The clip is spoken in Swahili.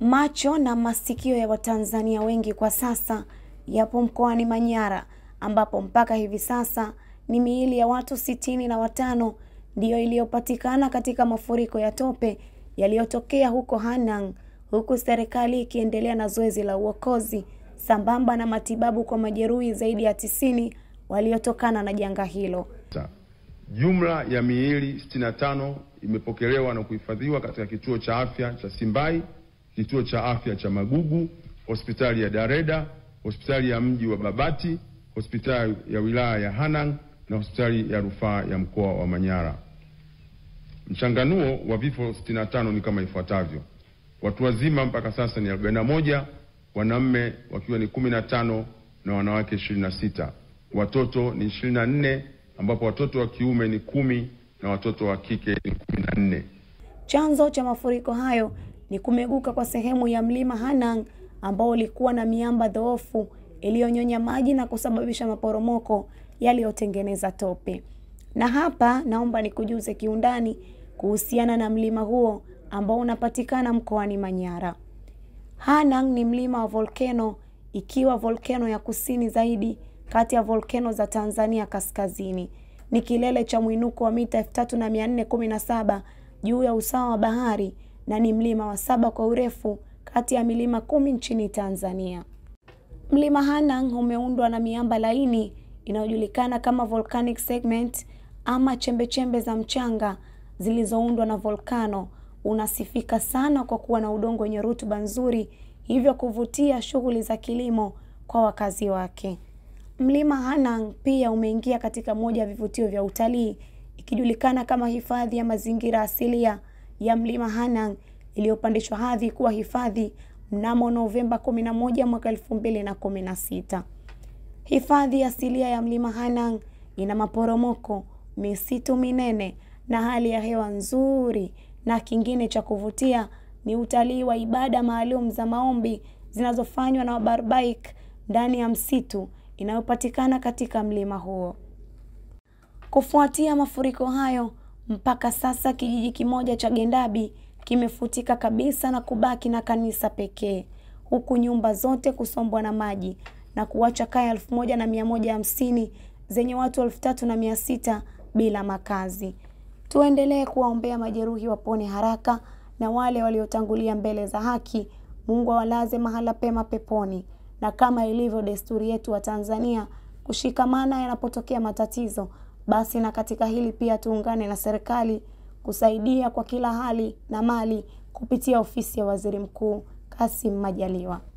Macho na masikio ya Watanzania wengi kwa sasa yapo mkoani Manyara ambapo mpaka hivi sasa ni miili ya watu sitini na watano ndiyo iliyopatikana katika mafuriko ya tope yaliyotokea huko Hanang, huku serikali ikiendelea na zoezi la uokozi sambamba na matibabu kwa majeruhi zaidi ya tisini waliotokana na janga hilo. Jumla ya miili 65 imepokelewa na kuhifadhiwa katika kituo cha afya cha Simbai kituo cha afya cha Magugu, hospitali ya Dareda, hospitali ya mji wa Babati, hospitali ya wilaya ya Hanang na hospitali ya rufaa ya mkoa wa Manyara. Mchanganuo wa vifo 65 ni kama ifuatavyo: watu wazima mpaka sasa ni 41, wanaume wakiwa ni 15 na wanawake 26, watoto ni 24, ambapo watoto wa kiume ni kumi na watoto wa kike ni 14. Chanzo cha mafuriko hayo ni kumeguka kwa sehemu ya mlima Hanang ambao ulikuwa na miamba dhoofu iliyonyonya maji na kusababisha maporomoko yaliyotengeneza tope. Na hapa naomba nikujuze kiundani kuhusiana na mlima huo ambao unapatikana mkoani Manyara. Hanang ni mlima wa volkeno, ikiwa volkeno ya kusini zaidi kati ya volkeno za Tanzania kaskazini. Ni kilele cha mwinuko wa mita 3417 juu ya usawa wa bahari na ni mlima wa saba kwa urefu kati ya milima kumi nchini Tanzania. Mlima Hanang umeundwa na miamba laini inayojulikana kama volcanic segment ama chembechembe -chembe za mchanga zilizoundwa na volkano. Unasifika sana kwa kuwa na udongo wenye rutuba nzuri, hivyo kuvutia shughuli za kilimo kwa wakazi wake. Mlima Hanang pia umeingia katika moja ya vivutio vya utalii ikijulikana kama hifadhi ya mazingira asilia ya mlima Hanang iliyopandishwa hadhi kuwa hifadhi mnamo Novemba 11 mwaka 2016. Hifadhi asilia ya mlima Hanang ina maporomoko, misitu minene na hali ya hewa nzuri, na kingine cha kuvutia ni utalii wa ibada maalum za maombi zinazofanywa na Wabarbaik ndani ya msitu inayopatikana katika mlima huo. Kufuatia mafuriko hayo, mpaka sasa kijiji kimoja cha Gendabi kimefutika kabisa na kubaki na kanisa pekee, huku nyumba zote kusombwa na maji na kuacha kaya elfu moja na mia moja hamsini zenye watu elfu tatu na mia sita bila makazi. Tuendelee kuwaombea majeruhi wapone haraka na wale waliotangulia mbele za haki, Mungu awalaze mahala pema peponi. Na kama ilivyo desturi yetu wa Tanzania, kushikamana yanapotokea matatizo basi na katika hili pia tuungane na serikali kusaidia kwa kila hali na mali kupitia ofisi ya Waziri Mkuu Kassim Majaliwa.